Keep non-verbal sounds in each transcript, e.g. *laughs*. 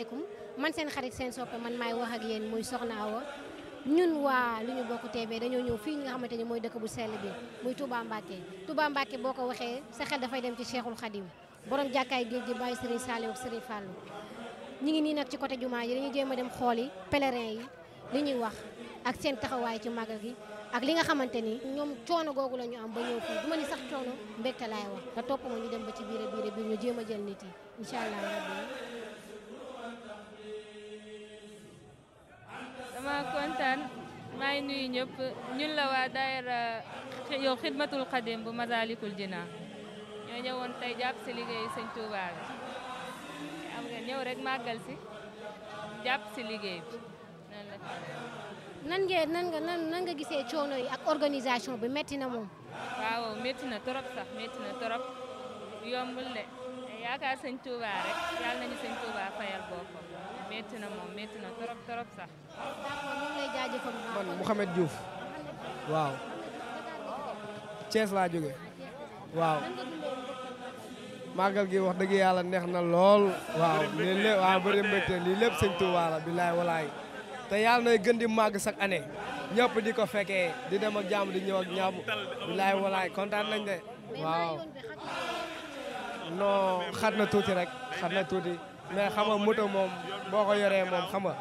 asalaamaaleykum man seen xarit seen soppe man maay wax ak yéen muy Soxna Awa ñun waa lu ñu bokk teebee dañoo ñëw fii nga xamante ni mooy dëkk bu sell bi muy Touba Mbacké Touba Mbacké boo ko waxee sa xel dafay dem ci Cheikhul Khadim borom jàkkaay géej gi bàyyi Serigne Saliou ak Serigne Fallou ñi ngi nii nag ci côté jumaa yi dañu jéem a dem yi pèlerin yi li ñuy wax ak seen taxawaay ci màggal gi ak li nga xamante ni ñoom coono googu la ñu am ba ñëw fii du ma ni sax coono mbégte ñu dem ba ci biir biir biir ñu jéem a jël nit yi incha allah dama kontaan maa ngi nuyu ñëpp ñun la waa daayira yow xidmatul xadim bu Masalikul Jinaan ñoo ñëwoon tey jàpp si liggéeyu sëñ Touba bi am nga ñëw rek màggal si jàpp si liggéey bi nan ngeen nan nga nan nga gisee coono yi ak organisation bi métti na moom. waaw métti na trop sax métti na trop yombul de. yaakaar sëñ Touba rek yàlla nañu sëñ Touba fayal boppam métti na moom métti na trop trop sax. man Mouhamed waaw. Thiès laa jóge waaw. màggal gi wax dëgg yàlla neex na lool. waaw lii lépp waaw bëri mbégte lii lépp te yàlla nay gën di màgg chaque année. ñëpp di ko fekkee di dem ak jàmm di ñëw ak ñàbb bilaay kontaan nañ de waaw. non xat na rek xat na mais xama moto mom boko yoré mom xama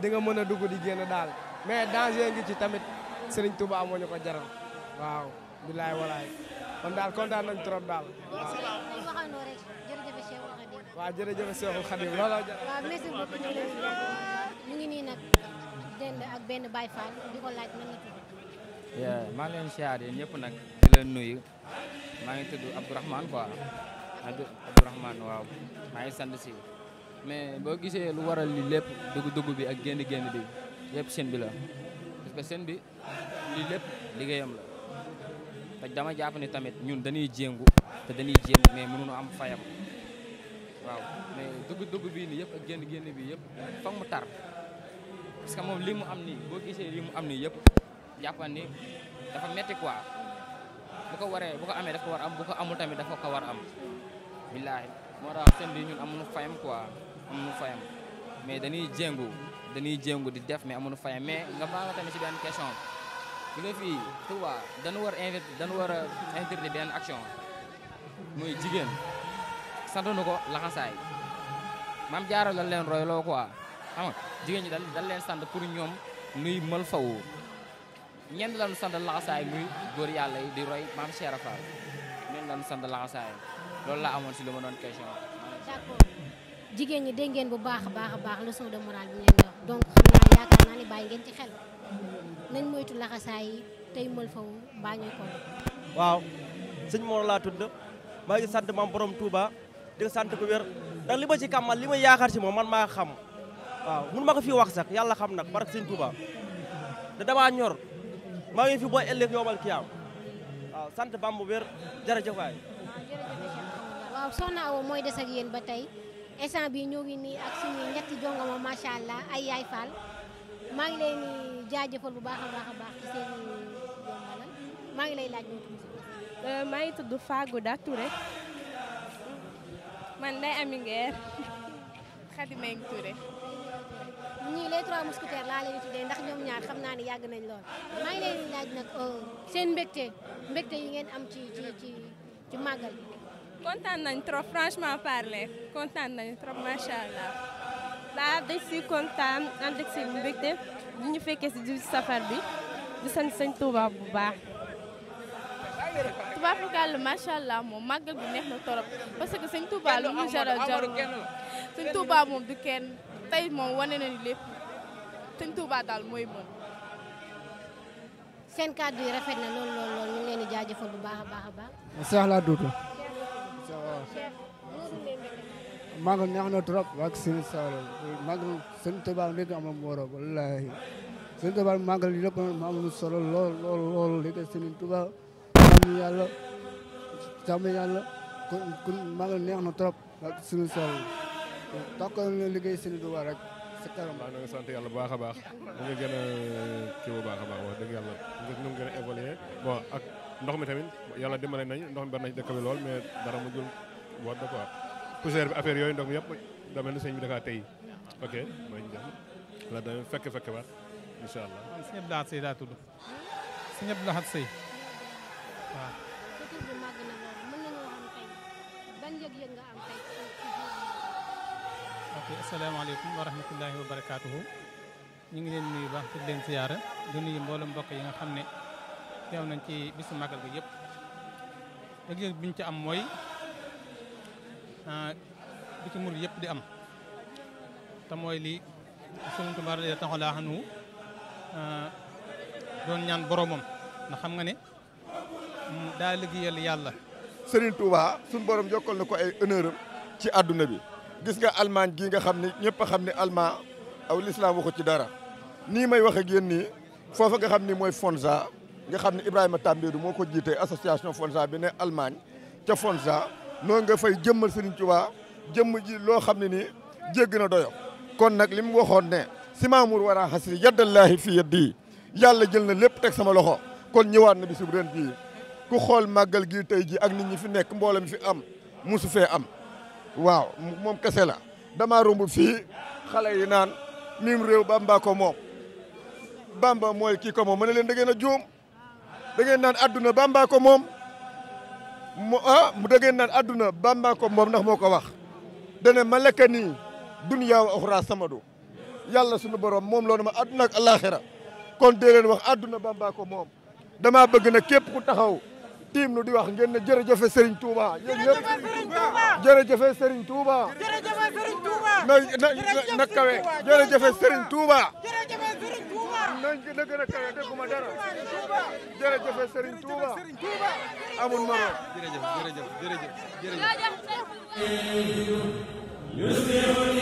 di nga mëna a dugg di génn dal mais danger ngi ci tamit Serigne Touba mo ñuko jaral waaw billahi walaay kon daal kontaan nañ trop wa jere jere Cheikhul Khadim looloo jar waaw merci beaucoup ñu ngi ni nak dend ak benn Baye Fall di ko laaj man nga ya ma ngi leen siyaar yéen ñëpp di len nuyu ma ngi tuddu Abdourahmane quoi Abdou Abdourahmane waaw maa ngi sant si mais boo gisee lu waral li lépp dugg-dugg bi ak génn-génn bi yëpp seen bi la parce seen bi li lépp liggéeyam la te dama jàpp ni tamit ñun dañuy jéngu te dañuy jéngu mais mënuñu am fayam waaw mais dugg-dugg bi nii yëpp ak génn-génn bi yëpp foog mu tar parce moom li mu am nii boo gisee li mu am nii yëpp jàppal ni dafa metti quoi bu ko waree bu ko amee dafa war am bu ko amul tamit dafa ko war am billaahi moo tax seen bi ñun amuñu fayam quoi amuñu fayam mais dañuy jéngu dañuy jéngu di def mais amuñu fayam mais nga baal ma tamit si benn question bi nga fii Touba dañu war a invité dañu war a interdire benn action muy jigéen sant nu ko laxasaay mam jaara la leen royloo quoi xam jigéen ñi dal dal leen sant pour ñoom nuy mël fawu ñeen lañu sant laxasaay muy góor yàlla yi di roy maam Cheikh Rafal ñenn lañu sant laxasaay loolu la amoon si lu ma doon question. d'accord jigéen ñi dégg ngeen bu baax a baax a baax leçon de morale bi xam naa yaakaar naa ne bàyyi ngeen ci xel nañ moytu laxasaay yi tey mël faw mbaa ñuy ko waaw sëñ Mor laa tudd maa ngi sant maam borom tuubaa di sant bu wér ndax li ma ci kàmmal li ma yaakaar si moom man maa xam waaw mun ma ko fii wax sax yàlla xam nag barke sëñ Touba da ñor maa ngi fi booy ëllëg yombal kiyaam waaw sant bam bu wér jërëjëf waay Soxna Awa mooy des ak ba tey instant bi ñoo ngi nii ak suñu ñetti jongoma macha allah ay yaay faal maa ngi lay nii jaajëfal bu baax a baax a baax ci seen jombalal maa ngi lay laaj euh, maa ngi tudd Fagouda Touré man day Ami Nguer Khady *laughs* Mbengue Touré ñii laa tuddee ndax ñoom xam naa ne yàgg nañ lool euh, seen mbégte mbégte yi ngeen am ci ci ci màggal kontaan nañ trop franchement parler kontaan nañ trop macha allah. daa dëgg si kontaan ànd ak si mbégte ñu ñu fekkee si jiw safar bi di sant sëñ Touba bu baax. Touba Fakal macha allah moom màggal bi neex na trop parce que sëñ Touba lu mu jaral jaru sëñ Touba moom du kenn tey moom wane nañu lépp sëñ Touba daal mooy moom. seen kàddu yi rafet na lool lool jaajëfal bu a baax a baax. laa duutu. magal neex na trop. wax si Saalum magal sëñ Tuubaa léegi amul morom wallaahi sëñ Tuubaa magal lépp amul solo lool lool lool léegi sëñ yàlla jàmm yàlla kon kon neex na trop wax si Saalum takk liggéey sëñ Tuubaa rek si kanam. waaw na nga yàlla bu baax a baax mu ngi gën a kii baax a baax wax dëgg yàlla mu ngi gën a évoluer ndox mi tamit yàlla dimbale nañu ndox mi bari na ci dëkk lool mais dara mu jul war da bi affaire yooyu ndox mi yëpp da mel ni sëñ bi da kaa tey ok mooy njëriñ la fekk fekk ba incha allah. waaw sëñ Abdou Lahad Seye daa tudd sëñ Abdou Lahad Seye waaw. ok asalaamaaleykum wa rahmatullahi wa barakaatuhu ñu ngi leen nuyu baax di leen siyaara di nuyu mboolem mbokk yi nga xam ne. teew nañ ci bisu màggal bi yëpp yëg-yëg bi ci am mooy ah, bi ci murid yëpp di am te mooy li Sëriñ Tuubaa radiyallaahu ta'aala anhu ah, doon ñaan boromam ndax xam nga ne mm, daa liggéeyal yàlla Sëriñ Tuubaa suñ borom yokkal na ko ay honneur ci àdduna bi gis nga almaañ gii nga xam ne ñëpp a xam ne almaañ aw lislaam waxu ci dara nii may wax ak yéen nii foofa nga xam ni mooy fonsa nga xam ne Ibrahima Tambédou moo ko jiite association Fonja bi ne Allemagne ca Fonja noo nga fay jëmmal Serigne Touba jëmm ji loo xam ne ni jégg doyo kon nag li mu waxoon ne si maamour war a xasri yaddallaahi fi yeddi yàlla jël na lépp teg sama loxo kon ñëwaat na bisub ren ji ku xool màggal gii tey ji ak nit ñi fi nekk mbooloo fi am musu fee am waaw moom kese la damaa romb fii xale yi naan mim réew bambaako ko moom Bamba mooy kii moom mën na leen da ngeen a juum da ngeen naan adduna bàmbaa ko moom ah, mu ah da ngeen naan adduna bàmbaa ko moom ndax moo ko wax dane ma lekka nii dunya wa sama samadu yàlla sunu borom moom loolu ma adduna ak kon dee leen wax adduna bàmbaa ko moom damaa bëgg na képp ku taxaw tiim nu di wax ngeen ne jërëjëfe Serigne Touba yéen ñëpp jërëjëfe Serigne Touba na na na kawe jërëjëfe Serigne gën na gën a kawe dégguma dara jërëjëf Serigne Touba amul morom jërëjëf jërëjëf jërëjëf jërëjëf